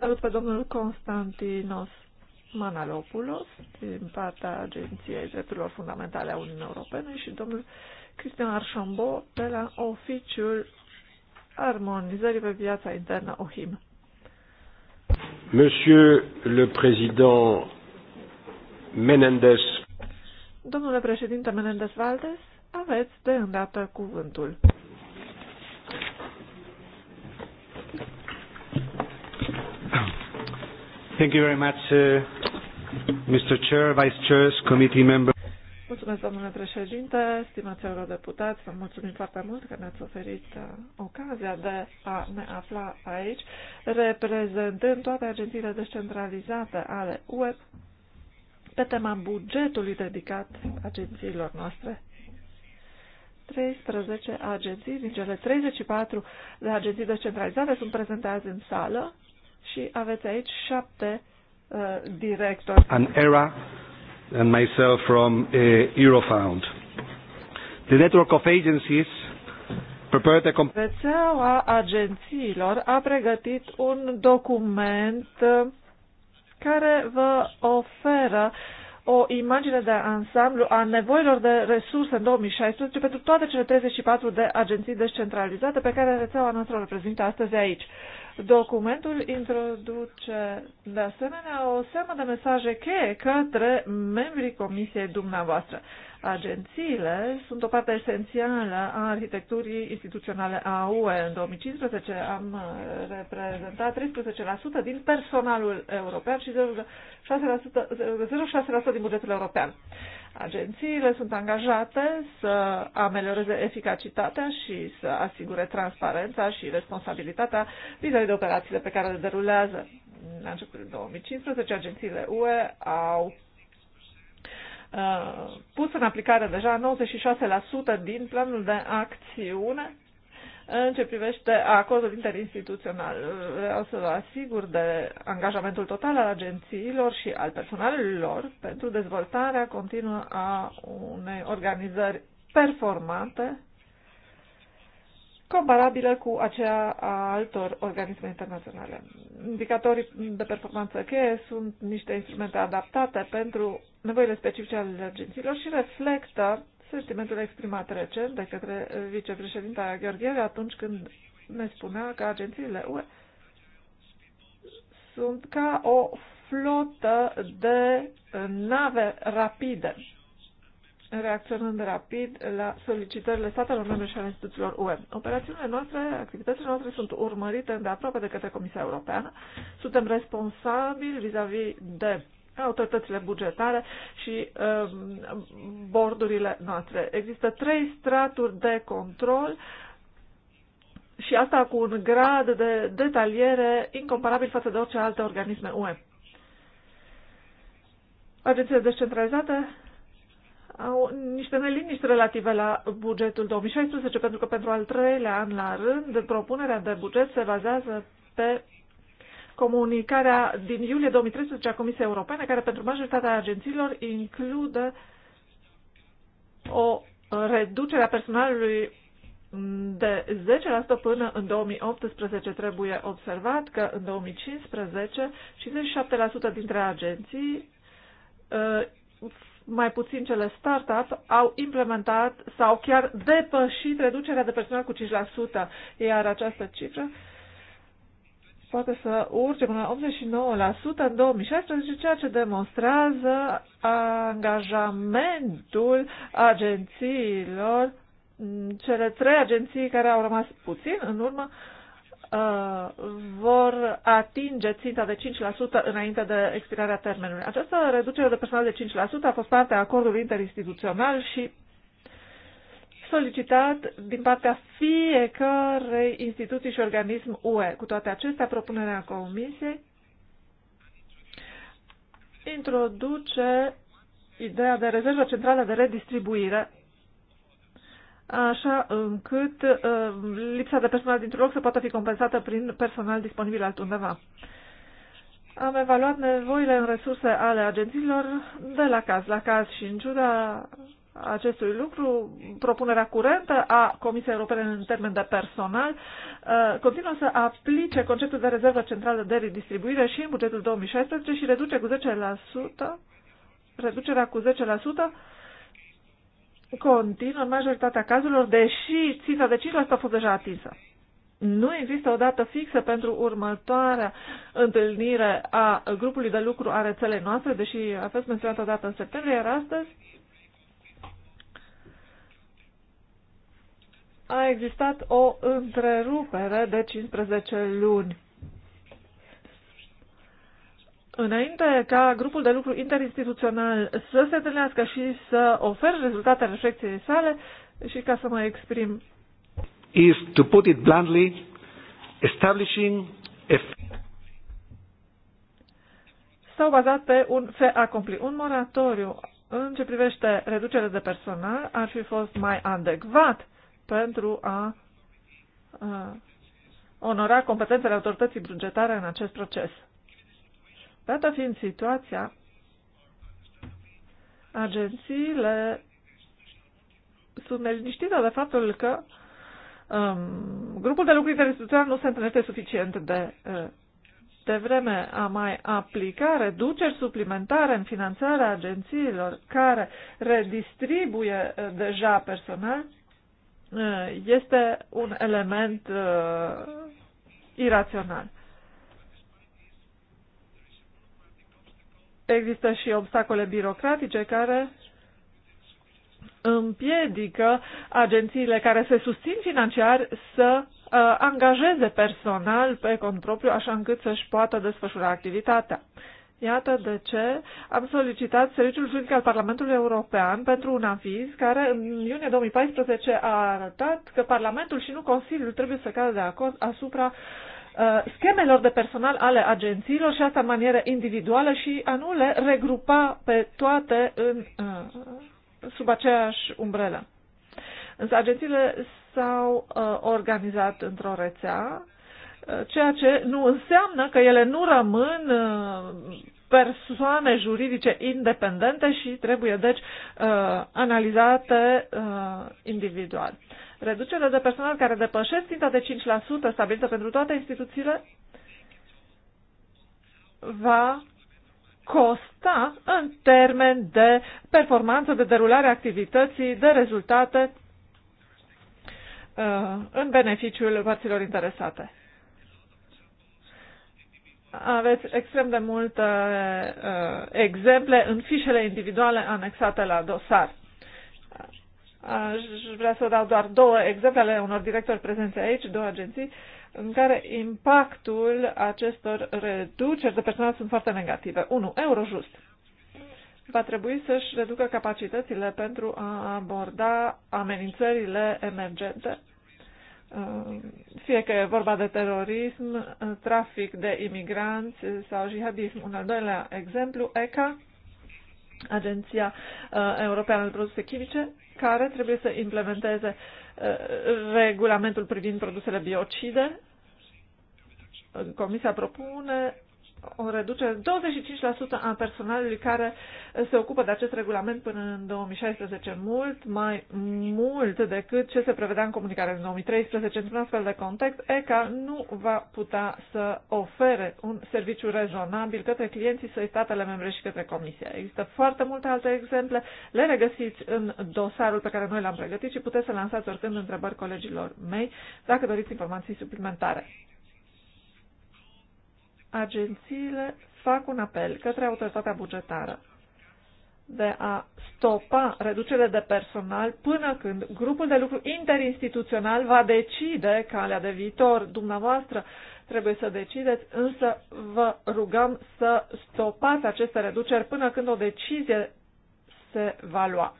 Salut pe domnul Constantinos Manalopoulos din partea Agenției Drepturilor Fundamentale a Uniunii Europene și domnul Cristian Archambault de la Oficiul Armonizării pe Viața Internă OHIM. Monsieur le Président Menendez. Domnule președinte Menendez Valdes, aveți de îndată cuvântul. Thank you very much, uh, Mr. Chair, Vice Chairs, Committee Member. Mulțumesc, domnule președinte, stimați eurodeputați, vă mulțumim foarte mult că ne-ați oferit uh, ocazia de a ne afla aici, reprezentând toate agențiile descentralizate ale UE pe tema bugetului dedicat agențiilor noastre. 13 agenții din cele 34 de agenții descentralizate sunt prezente azi în sală și aveți aici șapte uh, directori. An era and myself from uh, Eurofound. The network of agencies prepared a Rețeaua agențiilor a pregătit un document uh, care vă oferă o imagine de ansamblu a nevoilor de resurse în 2016 pentru toate cele 34 de agenții descentralizate pe care rețeaua noastră o reprezintă astăzi aici. Documentul introduce, de asemenea, o seamă de mesaje cheie către membrii comisiei dumneavoastră. Agențiile sunt o parte esențială a arhitecturii instituționale a UE. În 2015 am uh, reprezentat 13% din personalul european și 0,6% din bugetul european. Agențiile sunt angajate să amelioreze eficacitatea și să asigure transparența și responsabilitatea vis-a-vis de operațiile pe care le derulează. La începutul 2015, agențiile UE au Uh, pus în aplicare deja 96% din planul de acțiune în ce privește acordul interinstituțional. Vreau să vă asigur de angajamentul total al agențiilor și al personalului lor pentru dezvoltarea continuă a unei organizări performante comparabilă cu aceea a altor organisme internaționale. Indicatorii de performanță cheie sunt niște instrumente adaptate pentru nevoile specifice ale agențiilor și reflectă sentimentul exprimat recent de către vicepreședinta Gheorgheve atunci când ne spunea că agențiile UE sunt ca o flotă de nave rapide, reacționând rapid la solicitările statelor membre și ale instituțiilor UE. Operațiunile noastre, activitățile noastre sunt urmărite de aproape de către Comisia Europeană. Suntem responsabili vis-a-vis -vis de autoritățile bugetare și um, bordurile noastre. Există trei straturi de control și asta cu un grad de detaliere incomparabil față de orice alte organisme UE. Agențiile descentralizate au niște neliniști relative la bugetul 2016, pentru că pentru al treilea an la rând propunerea de buget se bazează pe comunicarea din iulie 2013 a Comisiei Europene, care pentru majoritatea agențiilor include o reducere a personalului de 10% până în 2018 trebuie observat că în 2015 57% dintre agenții, uh, mai puțin cele startup, au implementat sau chiar depășit reducerea de personal cu 5%, iar această cifră poate să urce până la 89% în 2016, ceea ce demonstrează angajamentul agențiilor, cele trei agenții care au rămas puțin în urmă, uh, vor atinge ținta de 5% înainte de expirarea termenului. Această reducere de personal de 5% a fost parte a acordului interinstituțional și solicitat din partea fiecărei instituții și organism UE. Cu toate acestea, propunerea Comisiei introduce ideea de rezervă centrală de redistribuire, așa încât uh, lipsa de personal dintr-un loc să poată fi compensată prin personal disponibil altundeva. Am evaluat nevoile în resurse ale agențiilor de la caz la caz și în ciuda acestui lucru, propunerea curentă a Comisiei Europene în termen de personal uh, continuă să aplice conceptul de rezervă centrală de redistribuire și în bugetul 2016 și reduce cu 10%, reducerea cu 10% continuă în majoritatea cazurilor, deși ținta de 5% a fost deja atinsă. Nu există o dată fixă pentru următoarea întâlnire a grupului de lucru a rețelei noastre, deși a fost menționată o dată în septembrie, iar astăzi a existat o întrerupere de 15 luni. Înainte ca grupul de lucru interinstituțional să se întâlnească și să ofere rezultatele reflecției sale, și ca să mă exprim, is to put it bluntly, establishing a s-au bazat pe un fe accompli, un moratoriu în ce privește reducerea de personal ar fi fost mai adecvat pentru a onora competențele autorității bugetare în acest proces. Dată fiind situația, agențiile sunt neliniștite de faptul că um, grupul de lucru interinstituțional nu se întâlnește suficient de, uh, de vreme a mai aplica reduceri suplimentare în finanțarea agențiilor care redistribuie uh, deja personal Eh, este un element uh, irațional. Există și obstacole birocratice care împiedică agențiile care se susțin financiar să uh, angajeze personal pe cont propriu, așa încât să-și poată desfășura activitatea. Iată de ce am solicitat Serviciul Juridic al Parlamentului European pentru un aviz care în iunie 2014 a arătat că Parlamentul și nu Consiliul trebuie să cadă de acord asupra uh, schemelor de personal ale agențiilor și asta în manieră individuală și a nu le regrupa pe toate în, uh, sub aceeași umbrelă. Însă agențiile s-au uh, organizat într-o rețea Eh, ceea ce nu înseamnă că ele nu rămân eh, persoane juridice independente și trebuie, deci, eh, analizate individual. Reducerea de personal care depășesc ținta de 5% stabilită pentru toate instituțiile va costa în termen de performanță, de derulare a activității, de rezultate în beneficiul părților interesate. Aveți extrem de multe uh, exemple în fișele individuale anexate la dosar. Aș vrea să dau doar două exemple ale unor directori prezenți aici, două agenții, în care impactul acestor reduceri de personal sunt foarte negative. 1. Eurojust va trebui să-și reducă capacitățile pentru a aborda amenințările emergente fie că e vorba de terorism, trafic de imigranți sau jihadism. Un al doilea exemplu, ECA, Agenția uh, Europeană de Produse Chimice, care trebuie să implementeze uh, regulamentul privind produsele biocide. Comisia propune o reducere de 25% a personalului care se ocupă de acest regulament până în 2016, mult mai mult decât ce se prevedea în comunicare în 2013. Într-un astfel de context, ECA nu va putea să ofere un serviciu rezonabil către clienții săi, statele membre și către Comisia. Există foarte multe alte exemple, le regăsiți în dosarul pe care noi l-am pregătit și puteți să lansați oricând întrebări colegilor mei dacă doriți informații suplimentare agențiile fac un apel către autoritatea bugetară de a stopa reducerea de personal până când grupul de lucru interinstituțional va decide calea de viitor. Dumneavoastră trebuie să decideți, însă vă rugăm să stopați aceste reduceri până când o decizie se va lua.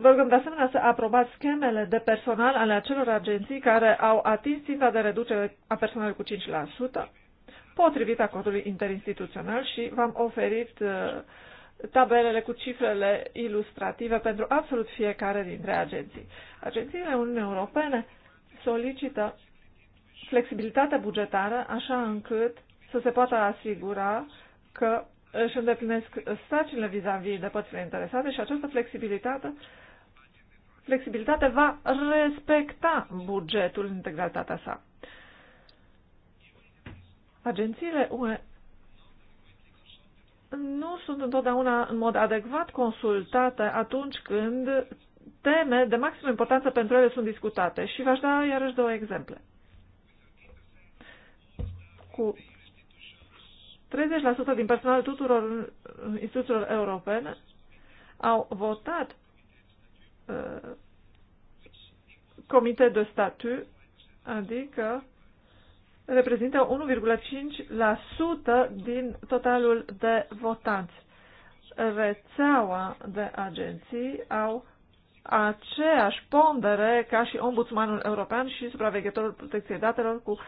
Vă rugăm de asemenea să aprobați schemele de personal ale acelor agenții care au atins ținta de reducere a personalului cu 5%, potrivit acordului interinstituțional și v-am oferit uh, tabelele cu cifrele ilustrative pentru absolut fiecare dintre agenții. Agențiile Uniunii Europene solicită flexibilitate bugetară așa încât să se poată asigura că își îndeplinesc stacile vis-a-vis de părțile interesate și această flexibilitate flexibilitate va respecta bugetul în integralitatea sa. Agențiile UE nu sunt întotdeauna în mod adecvat consultate atunci când teme de maximă importanță pentru ele sunt discutate. Și v-aș da iarăși două exemple. Cu 30% din personalul tuturor instituțiilor europene au votat Uh, comité de statut, adică reprezintă 1,5% din totalul de votanți. Rețeaua de agenții au aceeași pondere ca și ombudsmanul european și supraveghetorul protecției datelor cu uh,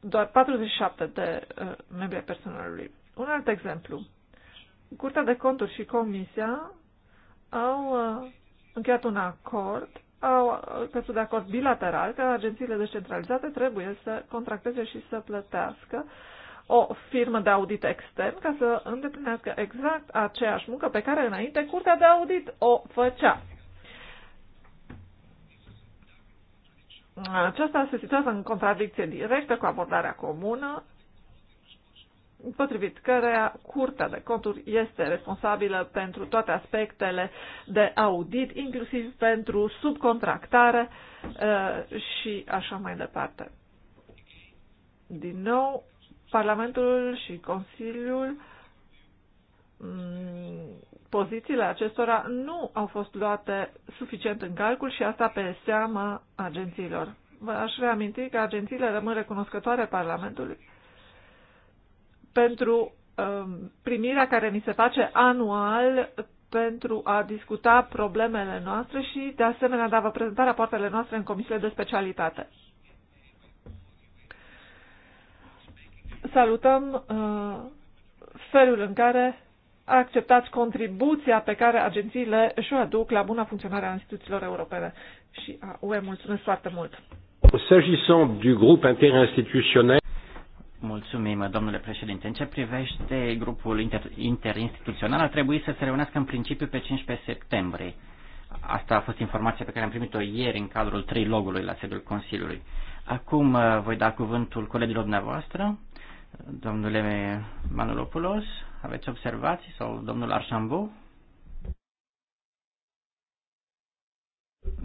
doar 47 de uh, membri ai personalului. Un alt exemplu. Curtea de conturi și Comisia au uh, încheiat un acord, au căzut uh, de acord bilateral că agențiile descentralizate trebuie să contracteze și să plătească o firmă de audit extern ca să îndeplinească exact aceeași muncă pe care înainte Curtea de Audit o făcea. Aceasta se situează în contradicție directă cu abordarea comună potrivit cărea Curtea de Conturi este responsabilă pentru toate aspectele de audit, inclusiv pentru subcontractare uh, și așa mai departe. Din nou, Parlamentul și Consiliul mm, pozițiile acestora nu au fost luate suficient în calcul și asta pe seama agențiilor. Aș reaminti că agențiile rămân recunoscătoare Parlamentului pentru um, primirea care mi se face anual pentru a discuta problemele noastre și, de asemenea, de a vă prezenta rapoartele noastre în comisiile de specialitate. Salutăm uh, felul în care acceptați contribuția pe care agențiile își o aduc la buna funcționare a instituțiilor europene. Și a UE mulțumesc foarte mult. S'agissant du groupe interinstitutionnel, Mulțumim, domnule președinte. În ce privește grupul inter, interinstituțional, ar trebui să se reunească în principiu pe 15 septembrie. Asta a fost informația pe care am primit-o ieri în cadrul trilogului la sediul Consiliului. Acum uh, voi da cuvântul colegilor dumneavoastră, domnule Manolopoulos. aveți observații sau domnul Arșambu?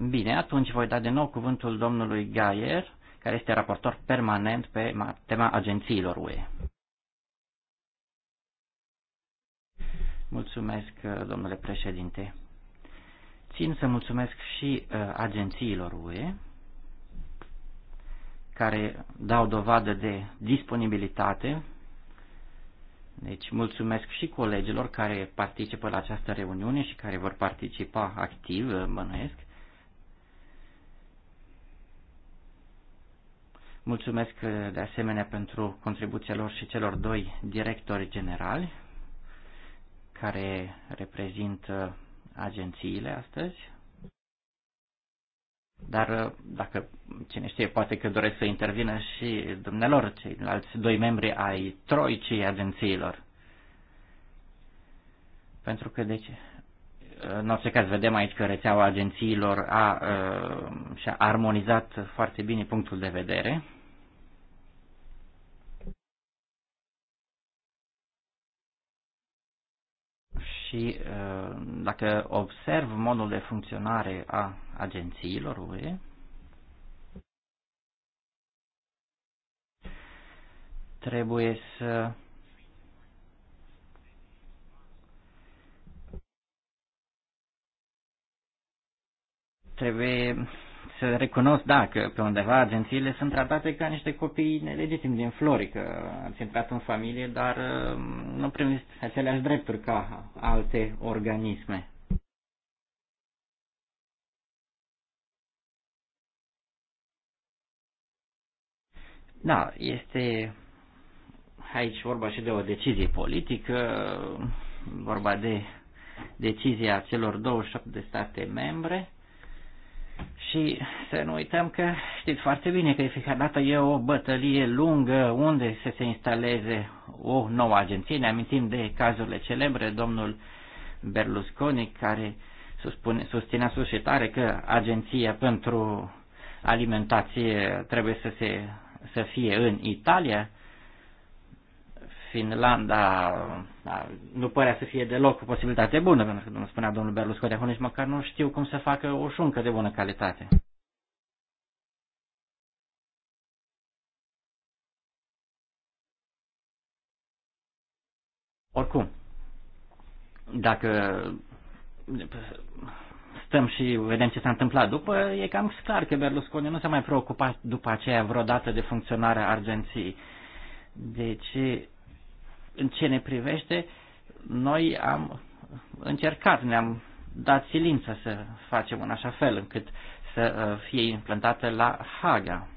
Bine, atunci voi da de nou cuvântul domnului Gaier care este raportor permanent pe tema agențiilor UE. Mulțumesc, domnule președinte. Țin să mulțumesc și uh, agențiilor UE care dau dovadă de disponibilitate. Deci mulțumesc și colegilor care participă la această reuniune și care vor participa activ, uh, bănuiesc. Mulțumesc eh, de asemenea pentru contribuția lor și celor doi directori generali care reprezintă agențiile astăzi. Dar eh, dacă cine știe, poate că doresc să intervină și dumnealor, ceilalți doi membri ai troicii agențiilor. Pentru că, de deci, ce? În orice caz, vedem aici că rețeaua agențiilor a, uh, și-a armonizat foarte bine punctul de vedere. Și uh, dacă observ modul de funcționare a agențiilor UE, trebuie să Trebuie să recunosc, da, că pe undeva agențiile sunt tratate ca niște copii nelegitimi din flori, că ați intrat în familie, dar uh, nu primiți aceleași drepturi ca alte organisme. Da, este aici vorba și de o decizie politică, vorba de decizia celor 27 de state membre și să nu uităm că știți foarte bine că fiecare dată e o bătălie lungă unde să se instaleze o nouă agenție. Ne amintim de cazurile celebre, domnul Berlusconi care suspune, susținea sus și tare că agenția pentru alimentație trebuie să, se, să fie în Italia Finlanda da, nu părea să fie deloc o posibilitate bună, pentru că, nu spunea domnul Berlusconi, acum nici măcar nu știu cum să facă o șuncă de bună calitate. Oricum, dacă stăm și vedem ce s-a întâmplat după, e cam clar că Berlusconi nu s-a mai preocupat după aceea vreodată de funcționarea Argenției. Deci, în ce ne privește, noi am încercat, ne-am dat silință să facem în așa fel încât să uh, fie implantată la Haga.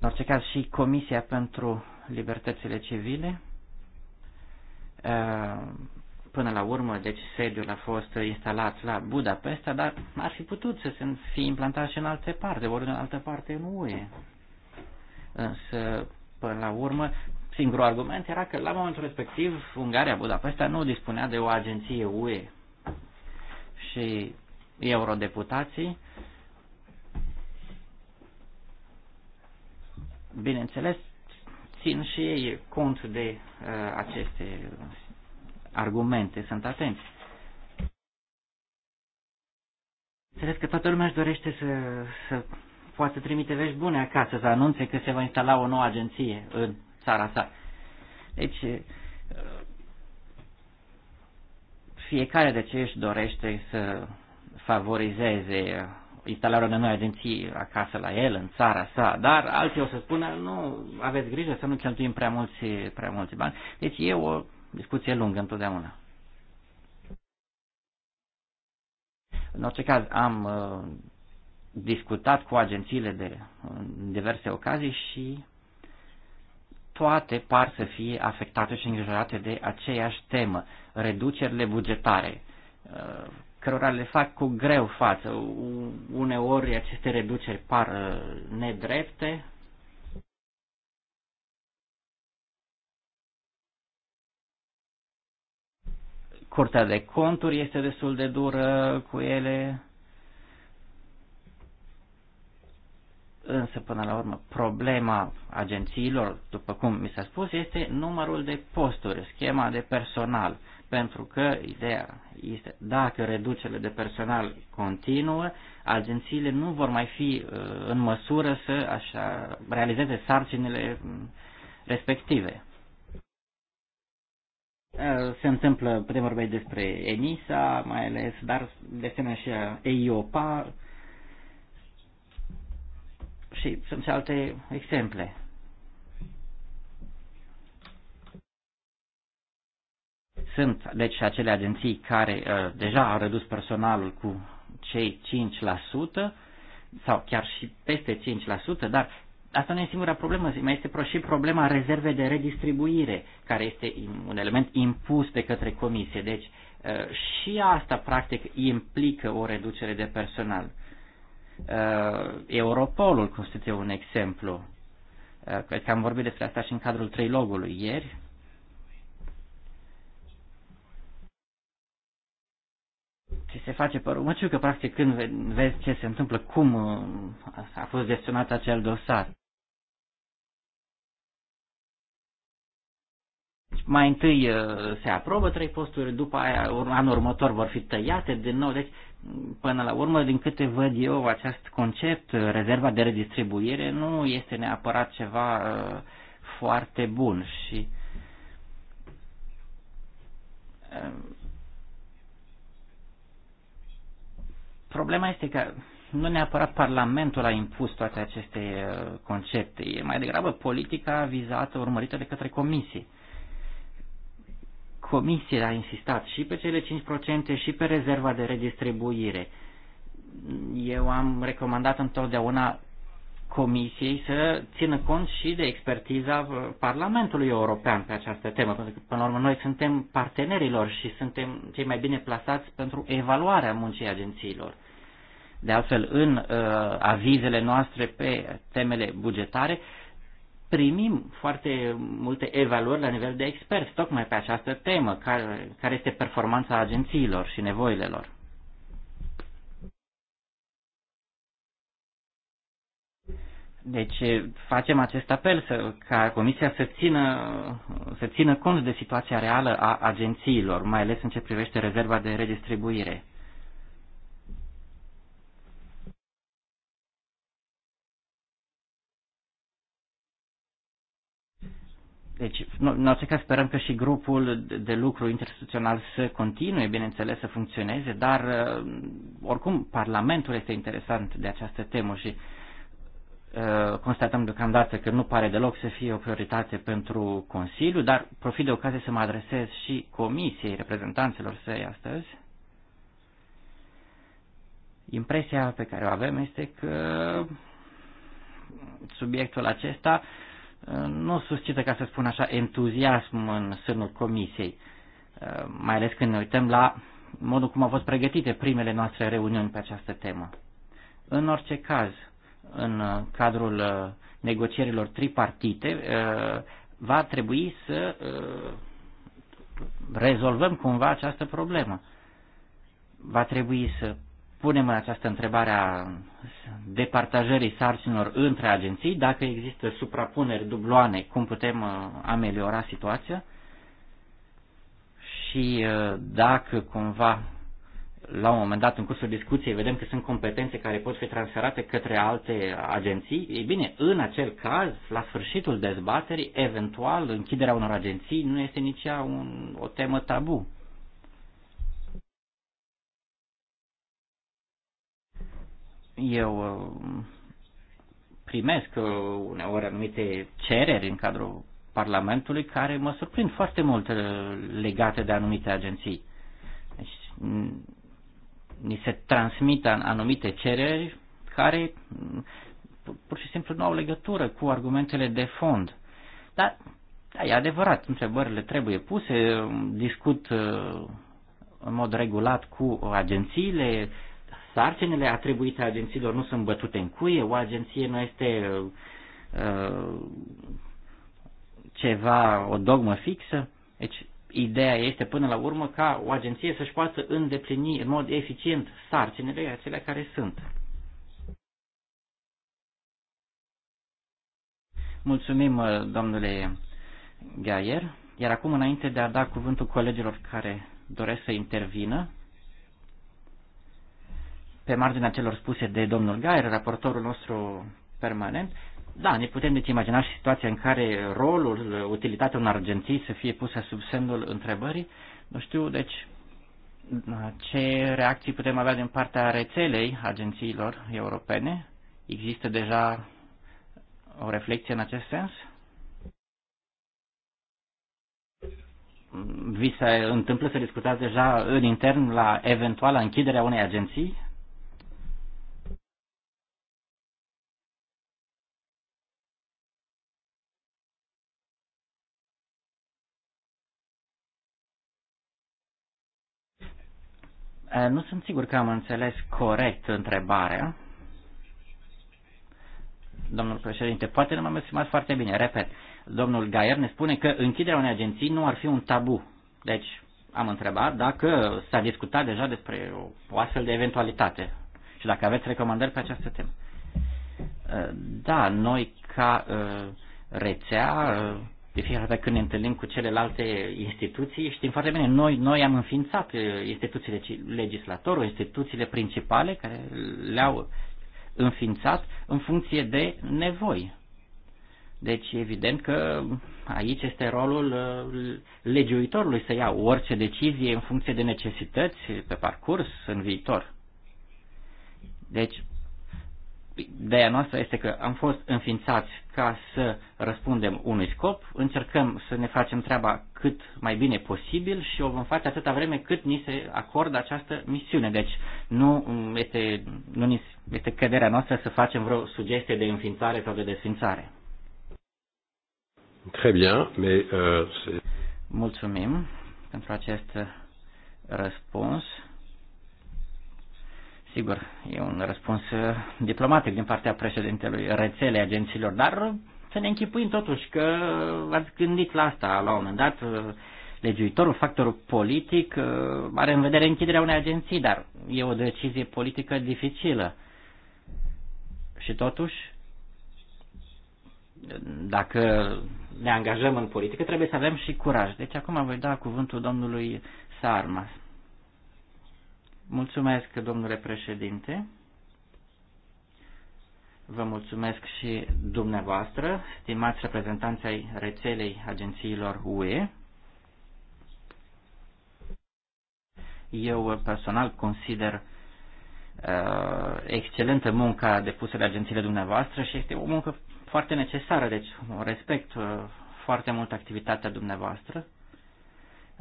În orice caz și Comisia pentru Libertățile Civile uh, Până la urmă, deci, sediul a fost instalat la Budapesta, dar ar fi putut să se fi implantat și în alte parte, ori în altă parte în UE. Însă, până la urmă, singurul argument era că la momentul respectiv Ungaria, Budapesta nu dispunea de o agenție UE. Și eurodeputații, bineînțeles, țin și ei cont de uh, aceste argumente, sunt atenți. Înțeles că toată lumea își dorește să, să poată trimite vești bune acasă, să anunțe că se va instala o nouă agenție în țara sa. Deci, eh, fiecare de ce își dorește să favorizeze instalarea unei noi agenții acasă la el, în țara sa, dar alții o să spună, nu, aveți grijă să nu cheltuim prea mulți, prea mulți bani. Deci e o discuție lungă întotdeauna. În orice caz, am uh, discutat cu agențiile de în diverse ocazii și toate par să fie afectate și îngrijorate de aceeași temă, reducerile bugetare, uh, cărora le fac cu greu față. Uneori aceste reduceri par uh, nedrepte, Curtea de conturi este destul de dură cu ele. Însă, până la urmă, problema agențiilor, după cum mi s-a spus, este numărul de posturi, schema de personal. Pentru că ideea este, dacă reducerile de personal continuă, agențiile nu vor mai fi uh, în măsură să așa, realizeze sarcinile mm, respective. Eh, se întâmplă, putem vorbi despre ENISA, mai ales, dar de asemenea și EIOPA și sunt și alte exemple. Sunt, deci, acele agenții care uh, deja au redus personalul cu cei 5% sau chiar și peste 5%, dar Asta nu e singura problemă, mai este și problema rezerve de redistribuire, care este un element impus de către comisie. Deci uh, și asta, practic, implică o reducere de personal. Uh, Europolul constituie un exemplu. Uh, cred că am vorbit despre asta și în cadrul trilogului ieri. ce se face pe urmă, că practic când vezi ce se întâmplă, cum a fost gestionat acel dosar. mai întâi uh, se aprobă trei posturi, după aia anul următor vor fi tăiate din nou. Deci, până la urmă, din câte văd eu acest concept, uh, rezerva de redistribuire nu este neapărat ceva uh, foarte bun și problema este că nu neapărat Parlamentul a impus toate aceste concepte, e mai degrabă politica vizată, urmărită de către comisie. Comisie a insistat și pe cele 5% și pe rezerva de redistribuire. Eu am recomandat întotdeauna Comisiei să țină cont și de expertiza Parlamentului European pe această temă, pentru că, până la urmă, noi suntem partenerilor și suntem cei mai bine plasați pentru evaluarea muncii agențiilor. De altfel, în uh, avizele noastre pe temele bugetare, uh, primim foarte multe evaluări la nivel de expert tocmai pe această temă, care, care este performanța agențiilor și nevoile lor. Deci eh, facem acest apel să, ca Comisia să țină, să țină cont de situația reală a agențiilor, mai ales în ce privește rezerva de redistribuire. Deci, în orice caz, sperăm că și grupul de lucru interinstituțional să continue, bineînțeles, să funcționeze, dar, uh, oricum, Parlamentul este interesant de această temă și uh, constatăm deocamdată că nu pare deloc să fie o prioritate pentru Consiliu, dar profit de ocazie să mă adresez și Comisiei reprezentanților săi astăzi. Impresia pe care o avem este că subiectul acesta uh, nu suscită, ca să spun așa, entuziasm în sânul comisiei, uh, mai ales când ne uităm la modul cum au fost pregătite primele noastre reuniuni pe această temă. În orice caz, în cadrul uh, negocierilor tripartite, uh, va trebui să rezolvăm cumva această problemă. Va trebui să punem în această întrebare a departajării sarcinilor între agenții, dacă există suprapuneri, dubloane, cum putem uh, ameliora situația și uh, dacă cumva la un moment dat în cursul discuției vedem că sunt competențe care pot fi transferate către alte agenții, e bine, în acel caz, la sfârșitul dezbaterii, eventual închiderea unor agenții nu este nici ea un, o temă tabu. Eu uh, primesc uh, uneori anumite cereri în cadrul Parlamentului care mă surprind foarte mult uh, legate de anumite agenții. Deci, ni se transmit anumite cereri care pur și simplu nu au legătură cu argumentele de fond. Dar, da, e adevărat, întrebările trebuie puse, discut în mod regulat cu agențiile, sarcinile atribuite agențiilor nu sunt bătute în cuie, o agenție nu este uh, ceva, o dogmă fixă. Deci, ideea este până la urmă ca o agenție să-și poată îndeplini în mod eficient sarcinile acelea care sunt. Mulțumim, uh, domnule Gaier. Iar acum, înainte de a da cuvântul colegilor care doresc să intervină, pe marginea celor spuse de domnul Gaier, raportorul nostru permanent, da, ne putem deci imagina și situația în care rolul, utilitatea unor agenții să fie pusă sub semnul întrebării. Nu știu, deci, ce reacții putem avea din partea rețelei agențiilor europene? Există deja o reflexie în acest sens? Vi se întâmplă să discutați deja în intern la eventuala închiderea unei agenții Nu sunt sigur că am înțeles corect întrebarea. Domnul președinte, poate nu m-am exprimat foarte bine. Repet, domnul Gaier ne spune că închiderea unei agenții nu ar fi un tabu. Deci am întrebat dacă s-a discutat deja despre o astfel de eventualitate și dacă aveți recomandări pe această temă. Da, noi ca rețea de fiecare dată când ne întâlnim cu celelalte instituții, știm foarte bine, noi, noi am înființat uh, instituțiile legislatorului, instituțiile principale care le-au înființat în funcție de nevoi. Deci, evident că aici este rolul uh, legiuitorului să ia orice decizie în funcție de necesități pe parcurs, în viitor. Deci, ideea noastră este că am fost înființați ca să răspundem unui scop, încercăm să ne facem treaba cât mai bine posibil și o vom face atâta vreme cât ni se acordă această misiune. Deci nu mm, este, nu este căderea noastră să facem vreo sugestie de înființare sau de desfințare. Très bien, mais, uh, Mulțumim pentru acest răspuns. Sigur, e un răspuns uh, diplomatic din partea președintelui rețelei agențiilor, dar să ne închipuim totuși că ați gândit la asta la un moment dat. Uh, legiuitorul, factorul politic, uh, are în vedere închiderea unei agenții, dar e o decizie politică dificilă. Și totuși, dacă ne angajăm în politică, trebuie să avem și curaj. Deci acum voi da cuvântul domnului Sarmas. Mulțumesc, domnule președinte. Vă mulțumesc și dumneavoastră, stimați reprezentanți ai rețelei agențiilor UE. Eu personal consider uh, excelentă munca depusă de agențiile dumneavoastră și este o muncă foarte necesară, deci respect uh, foarte mult activitatea dumneavoastră.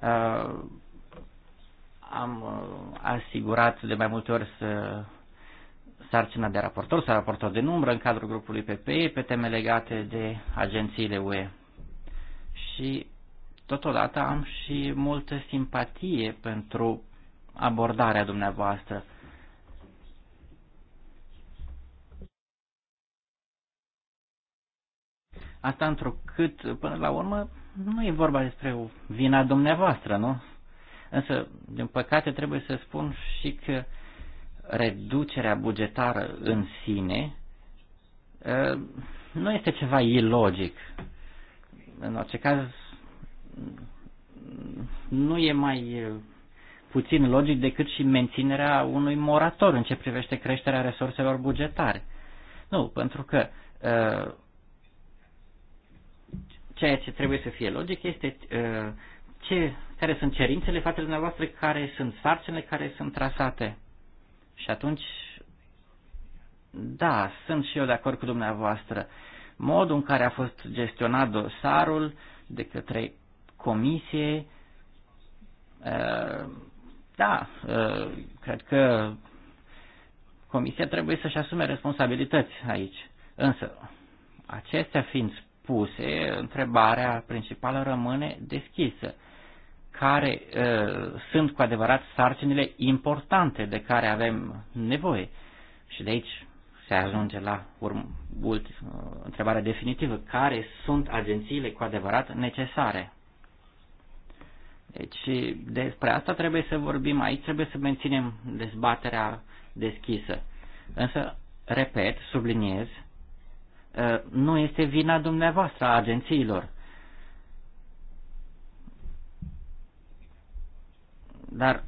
Uh, am uh, asigurat de mai multe ori să sarcina de raportor sau raportor de număr în cadrul grupului PPE pe teme legate de agențiile UE. Și totodată am și multă simpatie pentru abordarea dumneavoastră. Asta întrucât, până la urmă, nu e vorba despre vina dumneavoastră, nu? Însă, din păcate, trebuie să spun și că reducerea bugetară în sine ă, nu este ceva ilogic. În orice caz, nu e mai ă, puțin logic decât și menținerea unui morator în ce privește creșterea resurselor bugetare. Nu, pentru că ă, ceea ce trebuie să fie logic este ce, care sunt cerințele fatele de dumneavoastră, care sunt sarcinile care sunt trasate. Și atunci, da, sunt și eu de acord cu dumneavoastră. Modul în care a fost gestionat dosarul de către comisie, ă, da, ă, cred că comisia trebuie să-și asume responsabilități aici. Însă, acestea fiind spuse, întrebarea principală rămâne deschisă care uh, sunt cu adevărat sarcinile importante de care avem nevoie. Și de aici se ajunge la urm, ult, uh, întrebarea definitivă. Care sunt agențiile cu adevărat necesare? Deci despre asta trebuie să vorbim aici, trebuie să menținem dezbaterea deschisă. Însă, repet, subliniez, uh, nu este vina dumneavoastră a agențiilor Dar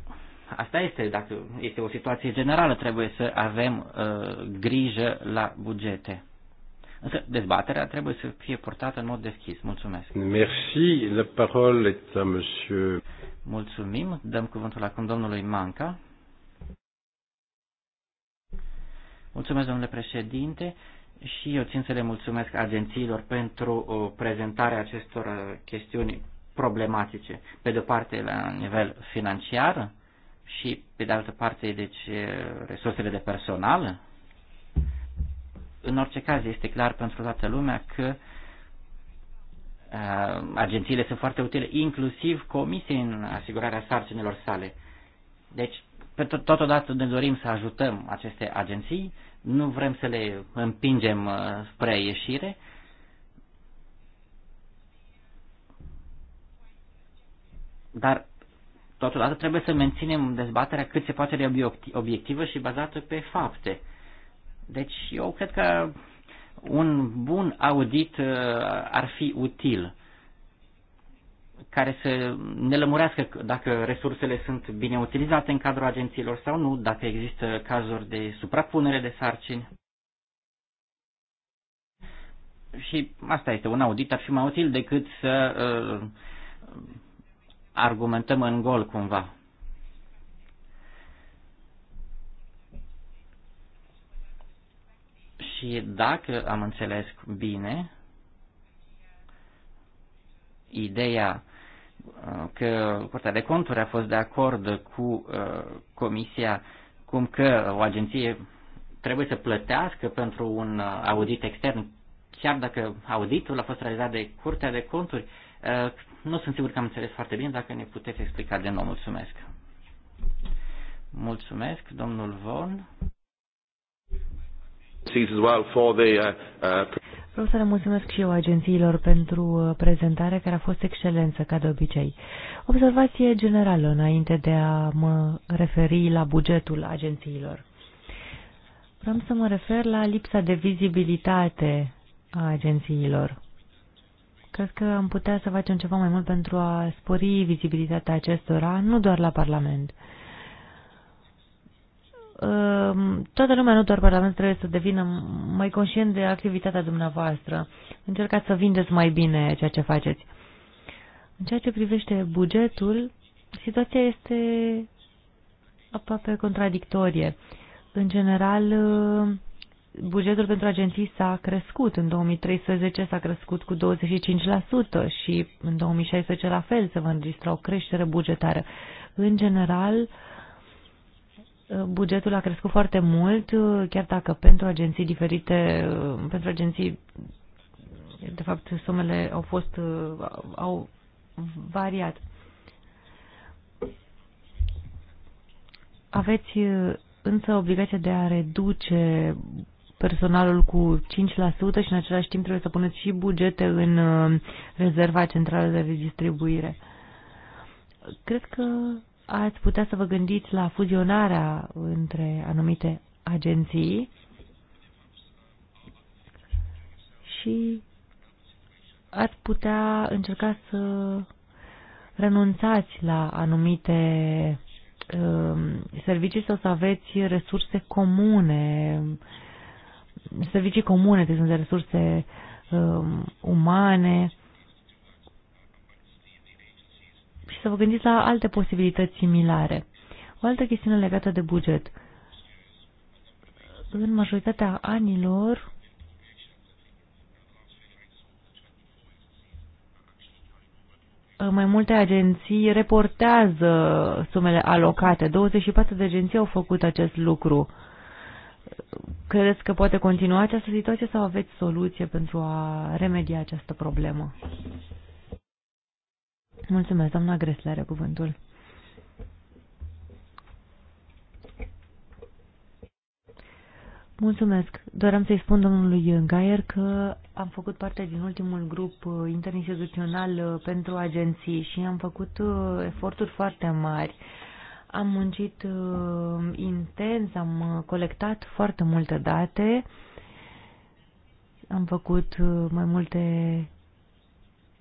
asta este, dacă este o situație generală, trebuie să avem uh, grijă la bugete. Însă dezbaterea trebuie să fie portată în mod deschis. Mulțumesc. Merci. La parole est à monsieur. Mulțumim. Dăm cuvântul acum domnului Manca. Mulțumesc, domnule președinte, și eu țin să le mulțumesc agențiilor pentru uh, prezentarea acestor uh, chestiuni problematice. Pe de o parte la nivel financiar și pe de altă parte deci resursele de personal. În orice caz este clar pentru toată lumea că uh, agențiile sunt foarte utile, inclusiv comisiei în asigurarea sarcinilor sale. Deci, pe tot, totodată ne dorim să ajutăm aceste agenții, nu vrem să le împingem uh, spre ieșire, Dar totodată trebuie să menținem dezbaterea cât se poate de obiectivă și bazată pe fapte. Deci eu cred că un bun audit uh, ar fi util care să ne lămurească dacă resursele sunt bine utilizate în cadrul agențiilor sau nu, dacă există cazuri de suprapunere de sarcini. Și asta este, un audit ar fi mai util decât să uh, argumentăm în gol cumva. Și dacă am înțeles bine, ideea uh, că Curtea de Conturi a fost de acord cu uh, Comisia cum că o agenție trebuie să plătească pentru un uh, audit extern, chiar dacă auditul a fost realizat de Curtea de Conturi, Uh, nu sunt sigur că am înțeles foarte bine, dacă ne puteți explica de nou. Mulțumesc. Mulțumesc, domnul Von. Uh, uh, Vreau să le mulțumesc și eu agențiilor pentru prezentare care a fost excelență, ca de obicei. Observație generală înainte de a mă referi la bugetul agențiilor. Vreau să mă refer la lipsa de vizibilitate a agențiilor. Cred că am putea să facem ceva mai mult pentru a spori vizibilitatea acestora, nu doar la Parlament. Ehm, toată lumea, nu doar Parlamentul, trebuie să devină mai conștient de activitatea dumneavoastră. Încercați să vindeți mai bine ceea ce faceți. În ceea ce privește bugetul, situația este aproape contradictorie. În general, bugetul pentru agenții s-a crescut. În 2013 s-a crescut cu 25% și în 2016 la fel se va înregistra o creștere bugetară. În general, bugetul a crescut foarte mult, chiar dacă pentru agenții diferite, pentru agenții, de fapt, sumele au fost, au variat. Aveți însă obligația de a reduce personalul cu 5% și în același timp trebuie să puneți și bugete în uh, rezerva centrală de redistribuire. Cred că ați putea să vă gândiți la fuzionarea între anumite agenții și ați putea încerca să renunțați la anumite uh, servicii sau să aveți resurse comune servicii comune, de exemplu, resurse uh, umane și să vă gândiți la alte posibilități similare. O altă chestiune legată de buget. În majoritatea anilor, mai multe agenții reportează sumele alocate. 24 de agenții au făcut acest lucru. Uh, Credeți că poate continua această situație sau aveți soluție pentru a remedia această problemă? Mulțumesc, doamna Gresle are cuvântul. Mulțumesc. Doream să-i spun domnului Gaier că am făcut parte din ultimul grup interinstituțional uh, pentru agenții și am făcut uh, eforturi foarte mari am muncit uh, intens, am uh, colectat foarte multe date, am făcut uh, mai multe